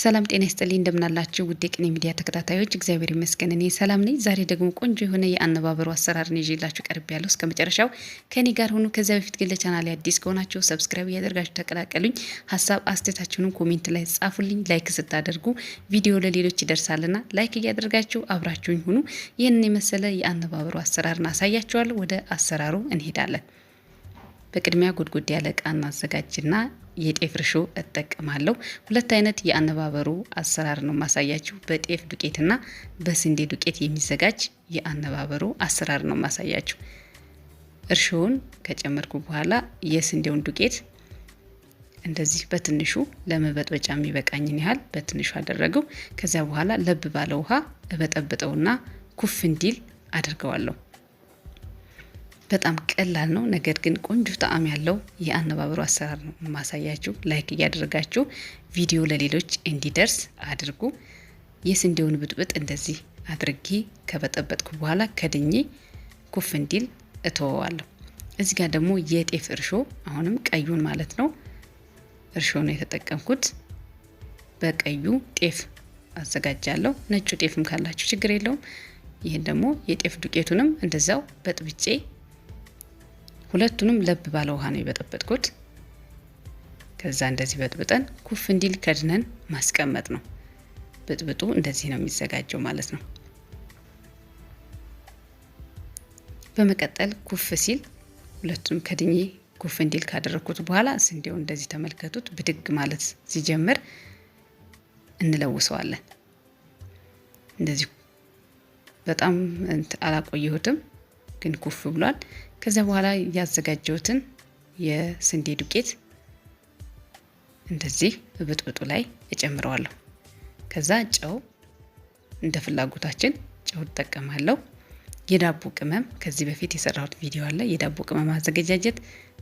ሰላም ጤና ይስጥልኝ እንደምናላችሁ ውድ የቅኔ ሚዲያ ተከታታዮች፣ እግዚአብሔር ይመስገን እኔ ሰላም ነኝ። ዛሬ ደግሞ ቆንጆ የሆነ የአነባበሩ አሰራርን ይዤላችሁ ቀርብ ያለው እስከ መጨረሻው ከኔ ጋር ሆኑ። ከዚያ በፊት ግን ለቻናሌ አዲስ ከሆናችሁ ሰብስክራይብ እያደርጋችሁ ተቀላቀሉኝ። ሀሳብ አስተያየታችሁንም ኮሜንት ላይ ጻፉልኝ። ላይክ ስታደርጉ ቪዲዮ ለሌሎች ይደርሳልና ላይክ እያደርጋችሁ አብራችሁኝ ሁኑ። ይህንን የመሰለ የአነባበሩ አሰራርን አሳያችኋለሁ። ወደ አሰራሩ እንሄዳለን። በቅድሚያ ጉድጉድ ያለ እቃ አዘጋጅና የጤፍ እርሾ እጠቀማለሁ። ሁለት አይነት የአነባበሩ አሰራር ነው ማሳያችሁ። በጤፍ ዱቄትና በስንዴ ዱቄት የሚዘጋጅ የአነባበሩ አሰራር ነው ማሳያችሁ። እርሾውን ከጨመርኩ በኋላ የስንዴውን ዱቄት እንደዚህ በትንሹ ለመበጥበጫ የሚበቃኝን ያህል በትንሹ አደረገው። ከዚያ በኋላ ለብ ባለ ውሃ እበጠብጠውና ኩፍ እንዲል አድርገዋለሁ። በጣም ቀላል ነው፣ ነገር ግን ቆንጆ ጣዕም ያለው የአነባበሩ አሰራር ነው ማሳያችሁ። ላይክ እያደረጋችሁ ቪዲዮ ለሌሎች እንዲደርስ አድርጉ። የስንዴውን ብጥብጥ እንደዚህ አድርጌ ከበጠበጥኩ በኋላ ከድኜ ኩፍ እንዲል እተወዋለሁ። እዚህ ጋር ደግሞ የጤፍ እርሾ አሁንም ቀዩን ማለት ነው እርሾ ነው የተጠቀምኩት። በቀዩ ጤፍ አዘጋጃለሁ። ነጩ ጤፍም ካላችሁ ችግር የለውም። ይህን ደግሞ የጤፍ ዱቄቱንም እንደዛው በጥብጬ ሁለቱንም ለብ ባለ ውሃ ነው የበጠበጥኩት። ከዛ እንደዚህ በጥብጠን ኩፍ እንዲል ከድነን ማስቀመጥ ነው። ብጥብጡ እንደዚህ ነው የሚዘጋጀው ማለት ነው። በመቀጠል ኩፍ ሲል ሁለቱንም ከድኜ ኩፍ እንዲል ካደረግኩት በኋላ ስንዴው እንደዚህ ተመልከቱት፣ ብድግ ማለት ሲጀምር እንለውሰዋለን። እንደዚህ በጣም አላቆየሁትም፣ ግን ኩፍ ብሏል። ከዚያ በኋላ ያዘጋጀሁትን የስንዴ ዱቄት እንደዚህ ብጥብጡ ላይ እጨምረዋለሁ። ከዛ ጨው እንደ ፍላጎታችን ጨው እጠቀማለሁ። የዳቦ ቅመም ከዚህ በፊት የሰራሁት ቪዲዮ አለ። የዳቦ ቅመም አዘገጃጀት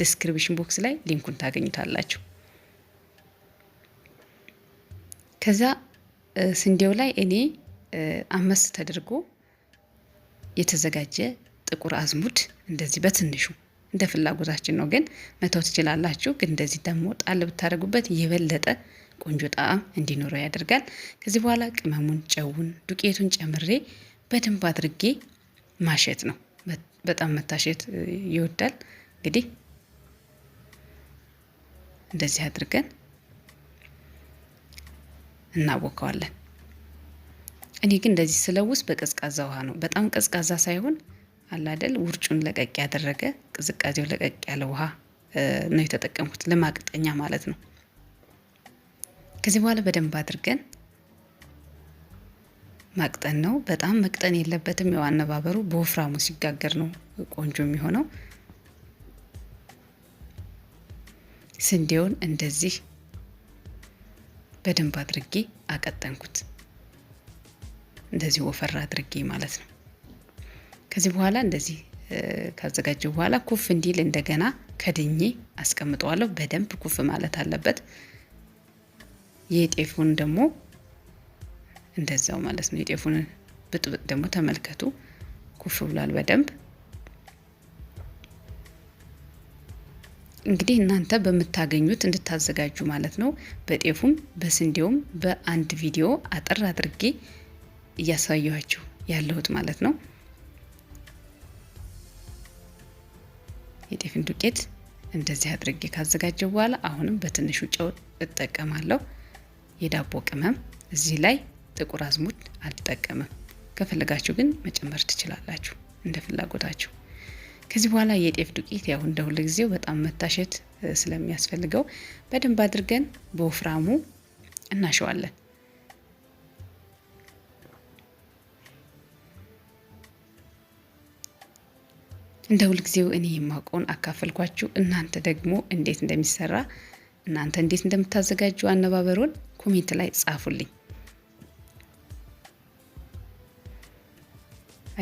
ዲስክሪፕሽን ቦክስ ላይ ሊንኩን ታገኙታላችሁ። ከዛ ስንዴው ላይ እኔ አምስት ተደርጎ የተዘጋጀ ጥቁር አዝሙድ እንደዚህ በትንሹ እንደ ፍላጎታችን ነው፣ ግን መተው ትችላላችሁ። ግን እንደዚህ ደግሞ ጣል ብታደርጉበት የበለጠ ቆንጆ ጣዕም እንዲኖረው ያደርጋል። ከዚህ በኋላ ቅመሙን፣ ጨውን፣ ዱቄቱን ጨምሬ በደንብ አድርጌ ማሸት ነው። በጣም መታሸት ይወዳል። እንግዲህ እንደዚህ አድርገን እናወቀዋለን። እኔ ግን እንደዚህ ስለውስ በቀዝቃዛ ውሃ ነው። በጣም ቀዝቃዛ ሳይሆን አላደል ውርጩን ለቀቅ ያደረገ ቅዝቃዜው ለቀቅ ያለ ውሃ ነው የተጠቀምኩት ለማቅጠኛ ማለት ነው። ከዚህ በኋላ በደንብ አድርገን ማቅጠን ነው። በጣም መቅጠን የለበትም። ያው አነባበሩ በወፍራሙ ሲጋገር ነው ቆንጆ የሚሆነው። ስንዴውን እንደዚህ በደንብ አድርጌ አቀጠንኩት። እንደዚህ ወፈራ አድርጌ ማለት ነው። ከዚህ በኋላ እንደዚህ ካዘጋጀው በኋላ ኩፍ እንዲል እንደገና ከድኜ አስቀምጠዋለሁ። በደንብ ኩፍ ማለት አለበት። የጤፉን ደግሞ እንደዛው ማለት ነው። የጤፉን ብጥብጥ ደግሞ ተመልከቱ፣ ኩፍ ብሏል በደንብ እንግዲህ እናንተ በምታገኙት እንድታዘጋጁ ማለት ነው። በጤፉም በስንዴውም በአንድ ቪዲዮ አጠር አድርጌ እያሳየኋችሁ ያለሁት ማለት ነው። የጤፍን ዱቄት እንደዚህ አድርጌ ካዘጋጀው በኋላ አሁንም በትንሹ ጨው እጠቀማለሁ። የዳቦ ቅመም እዚህ ላይ ጥቁር አዝሙድ አልጠቀምም። ከፈለጋችሁ ግን መጨመር ትችላላችሁ እንደ ፍላጎታችሁ። ከዚህ በኋላ የጤፍ ዱቄት ያው እንደ ሁል ጊዜው በጣም መታሸት ስለሚያስፈልገው በደንብ አድርገን በወፍራሙ እናሸዋለን። እንደ ሁልጊዜው እኔ የማውቀውን አካፈልኳችሁ። እናንተ ደግሞ እንዴት እንደሚሰራ እናንተ እንዴት እንደምታዘጋጁ አነባበሩን ኮሜንት ላይ ጻፉልኝ።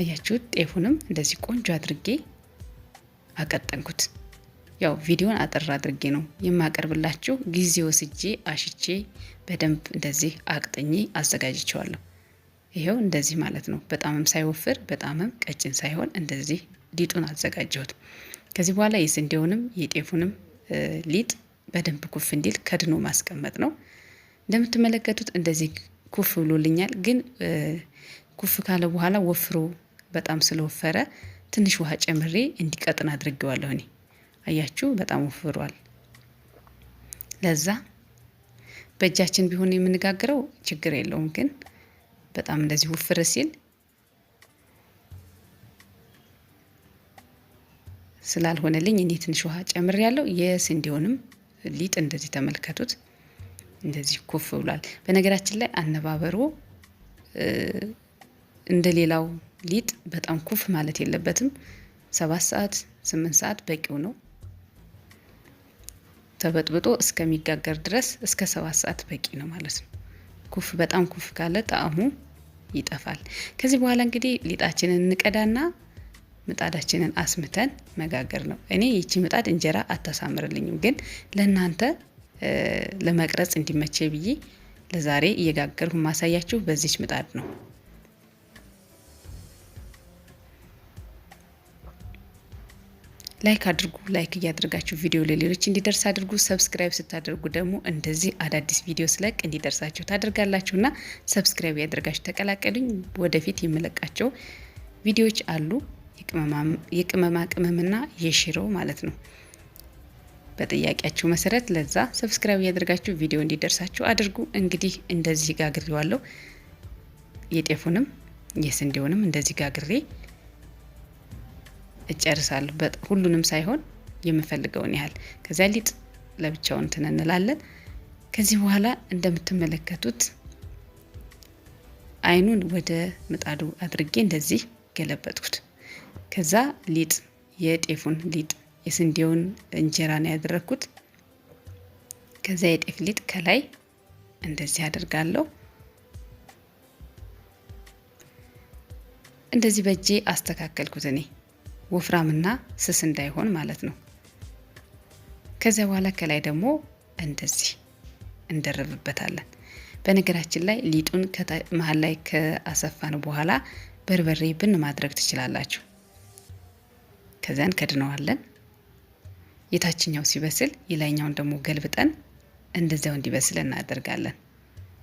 አያችሁት? ጤፉንም እንደዚህ ቆንጆ አድርጌ አቀጠንኩት። ያው ቪዲዮን አጠር አድርጌ ነው የማቀርብላችሁ። ጊዜ ወስጄ አሽቼ በደንብ እንደዚህ አቅጥኜ አዘጋጅቸዋለሁ። ይኸው እንደዚህ ማለት ነው። በጣምም ሳይወፍር በጣምም ቀጭን ሳይሆን እንደዚህ ሊጡን አዘጋጀሁት። ከዚህ በኋላ የስንዴውንም የጤፉንም ሊጥ በደንብ ኩፍ እንዲል ከድኖ ማስቀመጥ ነው። እንደምትመለከቱት እንደዚህ ኩፍ ብሎልኛል። ግን ኩፍ ካለ በኋላ ወፍሮ በጣም ስለወፈረ ትንሽ ውሃ ጨምሬ እንዲቀጥን አድርጌዋለሁ። እኔ አያችሁ፣ በጣም ወፍሯል። ለዛ በእጃችን ቢሆን የምንጋግረው ችግር የለውም። ግን በጣም እንደዚህ ውፍር ሲል ስላልሆነልኝ እኔ ትንሽ ውሃ ጨምር ያለው የስንዴውንም ሊጥ እንደዚህ ተመልከቱት። እንደዚህ ኮፍ ብሏል። በነገራችን ላይ አነባበሩ እንደ ሌላው ሊጥ በጣም ኩፍ ማለት የለበትም። ሰባት ሰዓት ስምንት ሰዓት በቂው ነው። ተበጥብጦ እስከሚጋገር ድረስ እስከ ሰባት ሰዓት በቂ ነው ማለት ነው። ኩፍ በጣም ኩፍ ካለ ጣዕሙ ይጠፋል። ከዚህ በኋላ እንግዲህ ሊጣችንን እንቀዳና ምጣዳችንን አስምተን መጋገር ነው። እኔ ይቺ ምጣድ እንጀራ አታሳምርልኝም፣ ግን ለእናንተ ለመቅረጽ እንዲመቼ ብዬ ለዛሬ እየጋገርኩ ማሳያችሁ በዚች ምጣድ ነው። ላይክ አድርጉ። ላይክ እያደርጋችሁ ቪዲዮ ለሌሎች እንዲደርስ አድርጉ። ሰብስክራይብ ስታደርጉ ደግሞ እንደዚህ አዳዲስ ቪዲዮ ስለቅ እንዲደርሳችሁ ና ሰብስክራይብ እያደርጋችሁ ተቀላቀሉኝ። ወደፊት የምለቃቸው ቪዲዮዎች አሉ። የቅመማ ቅመምና የሽሮ ማለት ነው። በጥያቄያችሁ መሰረት ለዛ ሰብስክራይብ እያደርጋችሁ ቪዲዮ እንዲደርሳችሁ አድርጉ። እንግዲህ እንደዚህ ጋግሬዋለሁ። የጤፉንም የስንዴውንም እንደዚህ ጋግሬ እጨርሳለሁ። ሁሉንም ሳይሆን የምፈልገውን ያህል። ከዚያ ሊጥ ለብቻው እንትን እንላለን። ከዚህ በኋላ እንደምትመለከቱት አይኑን ወደ ምጣዱ አድርጌ እንደዚህ ገለበጥኩት። ከዛ ሊጥ የጤፉን ሊጥ የስንዴውን እንጀራ ነው ያደረግኩት። ከዛ የጤፍ ሊጥ ከላይ እንደዚህ አደርጋለሁ። እንደዚህ በእጄ አስተካከልኩት እኔ ወፍራምና ስስ እንዳይሆን ማለት ነው። ከዚያ በኋላ ከላይ ደግሞ እንደዚህ እንደረብበታለን። በነገራችን ላይ ሊጡን መሀል ላይ ከአሰፋን በኋላ በርበሬ ብን ማድረግ ትችላላችሁ። ከዚያን ከድነዋለን። የታችኛው ሲበስል የላይኛውን ደግሞ ገልብጠን እንደዚያው እንዲበስል እናደርጋለን።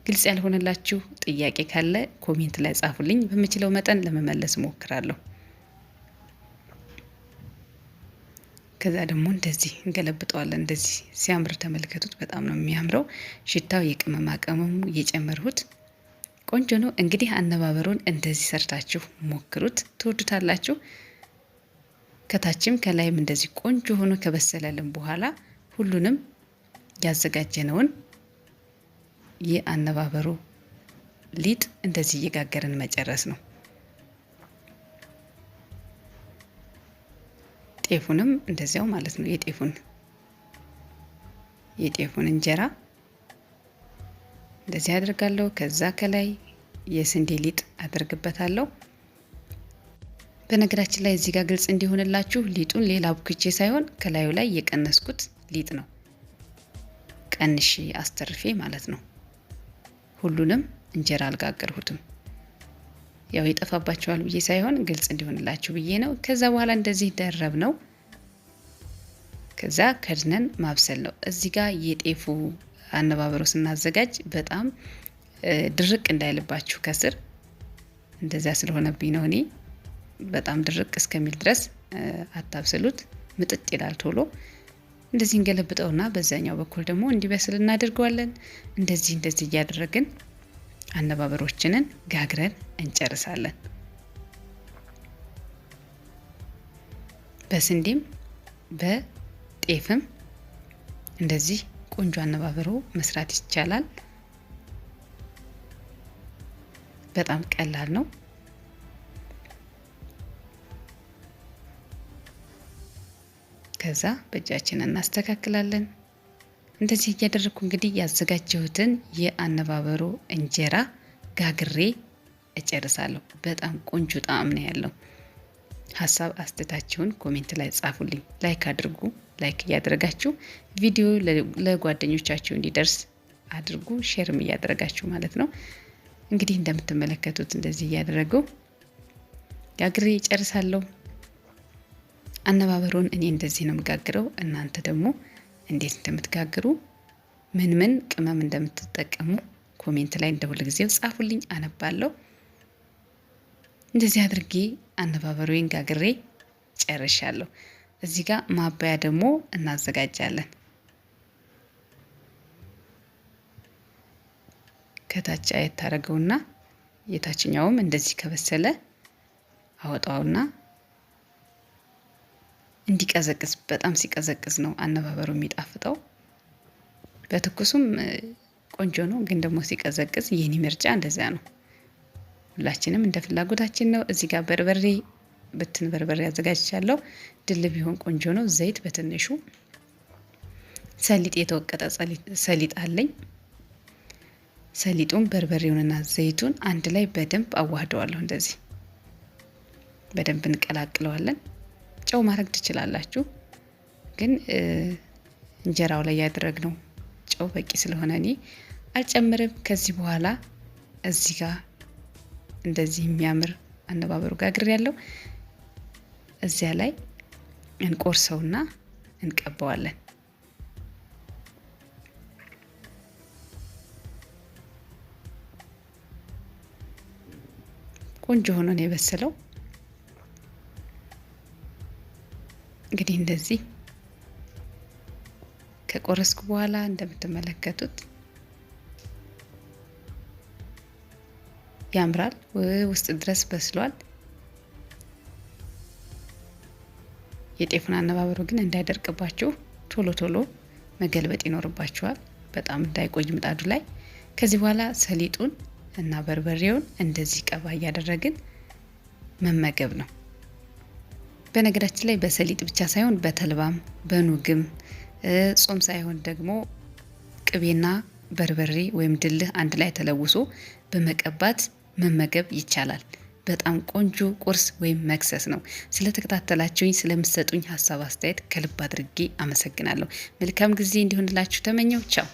ግልጽ ያልሆነላችሁ ጥያቄ ካለ ኮሜንት ላይ ጻፉልኝ። በምችለው መጠን ለመመለስ እሞክራለሁ። ከዛ ደግሞ እንደዚህ እንገለብጠዋለን። እንደዚህ ሲያምር ተመልከቱት። በጣም ነው የሚያምረው። ሽታው የቅመማ ቅመሙ የጨመርሁት ቆንጆ ነው። እንግዲህ አነባበሩን እንደዚህ ሰርታችሁ ሞክሩት፣ ትወዱታላችሁ። ከታችም ከላይም እንደዚህ ቆንጆ ሆኖ ከበሰለልን በኋላ ሁሉንም ያዘጋጀነውን የአነባበሩ ሊጥ እንደዚህ እየጋገርን መጨረስ ነው። ጤፉንም እንደዚያው ማለት ነው። የጤፉን የጤፉን እንጀራ እንደዚህ አድርጋለሁ። ከዛ ከላይ የስንዴ ሊጥ አድርግበታለሁ። በነገራችን ላይ እዚህ ጋር ግልጽ እንዲሆንላችሁ ሊጡን ሌላ ቡክቼ ሳይሆን ከላዩ ላይ የቀነስኩት ሊጥ ነው። ቀንሽ አስተርፌ ማለት ነው። ሁሉንም እንጀራ አልጋገርሁትም። ያው ይጠፋባቸዋል ብዬ ሳይሆን ግልጽ እንዲሆንላችሁ ብዬ ነው። ከዛ በኋላ እንደዚህ ደረብ ነው። ከዛ ከድነን ማብሰል ነው። እዚህ ጋር የጤፉ አነባበሮ ስናዘጋጅ በጣም ድርቅ እንዳይልባችሁ ከስር እንደዚያ ስለሆነብኝ ነው እኔ በጣም ድርቅ እስከሚል ድረስ አታብስሉት። ምጥጥ ይላል ቶሎ። እንደዚህ እንገለብጠውና በዛኛው በኩል ደግሞ እንዲበስል እናደርገዋለን። እንደዚህ እንደዚህ እያደረግን አነባበሮችንን ጋግረን እንጨርሳለን። በስንዴም በጤፍም እንደዚህ ቆንጆ አነባበሮ መስራት ይቻላል። በጣም ቀላል ነው። ከዛ በእጃችን እናስተካክላለን። እንደዚህ እያደረግኩ እንግዲህ ያዘጋጀሁትን የአነባበሮ እንጀራ ጋግሬ እጨርሳለሁ። በጣም ቆንጆ ጣዕም ነው ያለው። ሀሳብ አስተታችሁን ኮሜንት ላይ ጻፉልኝ። ላይክ አድርጉ። ላይክ እያደረጋችሁ ቪዲዮ ለጓደኞቻችሁ እንዲደርስ አድርጉ። ሼርም እያደረጋችሁ ማለት ነው። እንግዲህ እንደምትመለከቱት እንደዚህ እያደረገው ጋግሬ እጨርሳለሁ። አነባበሩን እኔ እንደዚህ ነው የምጋግረው። እናንተ ደግሞ እንዴት እንደምትጋግሩ ምን ምን ቅመም እንደምትጠቀሙ ኮሜንት ላይ እንደ ጊዜ ጻፉልኝ፣ አነባለሁ። እንደዚህ አድርጌ አነባበሩን ጋግሬ ጨርሻለሁ። እዚህ ጋር ማባያ ደግሞ እናዘጋጃለን። ከታች አየት ታደርገውና የታችኛውም እንደዚህ ከበሰለ አወጣውና እንዲቀዘቅዝ በጣም ሲቀዘቅዝ ነው አነባበሩ የሚጣፍጠው። በትኩሱም ቆንጆ ነው፣ ግን ደግሞ ሲቀዘቅዝ የኔ ምርጫ እንደዚያ ነው። ሁላችንም እንደ ፍላጎታችን ነው። እዚህ ጋር በርበሬ ብትን በርበሬ አዘጋጅቻለሁ። ድል ቢሆን ቆንጆ ነው። ዘይት በትንሹ ሰሊጥ፣ የተወቀጠ ሰሊጥ አለኝ። ሰሊጡን በርበሬውንና ዘይቱን አንድ ላይ በደንብ አዋህደዋለሁ። እንደዚህ በደንብ እንቀላቅለዋለን። ጨው ማድረግ ትችላላችሁ። ግን እንጀራው ላይ ያደረግነው ጨው በቂ ስለሆነ እኔ አልጨምርም። ከዚህ በኋላ እዚህ ጋር እንደዚህ የሚያምር አነባበሩ ጋግር ያለው እዚያ ላይ እንቆርሰውና እንቀባዋለን። ቆንጆ ሆኖ ነው የበሰለው። እንግዲህ እንደዚህ ከቆረስኩ በኋላ እንደምትመለከቱት ያምራል። ውስጥ ድረስ በስሏል። የጤፉን አነባበሩ ግን እንዳይደርቅባችሁ ቶሎ ቶሎ መገልበጥ ይኖርባችኋል። በጣም እንዳይቆይ ምጣዱ ላይ። ከዚህ በኋላ ሰሊጡን እና በርበሬውን እንደዚህ ቀባ እያደረግን መመገብ ነው። በነገራችን ላይ በሰሊጥ ብቻ ሳይሆን በተልባም በኑግም ጾም ሳይሆን ደግሞ ቅቤና በርበሬ ወይም ድልህ አንድ ላይ ተለውሶ በመቀባት መመገብ ይቻላል። በጣም ቆንጆ ቁርስ ወይም መክሰስ ነው። ስለተከታተላችሁኝ ስለምሰጡኝ ሀሳብ አስተያየት ከልብ አድርጌ አመሰግናለሁ። መልካም ጊዜ እንዲሆንላችሁ ተመኘው። ቻው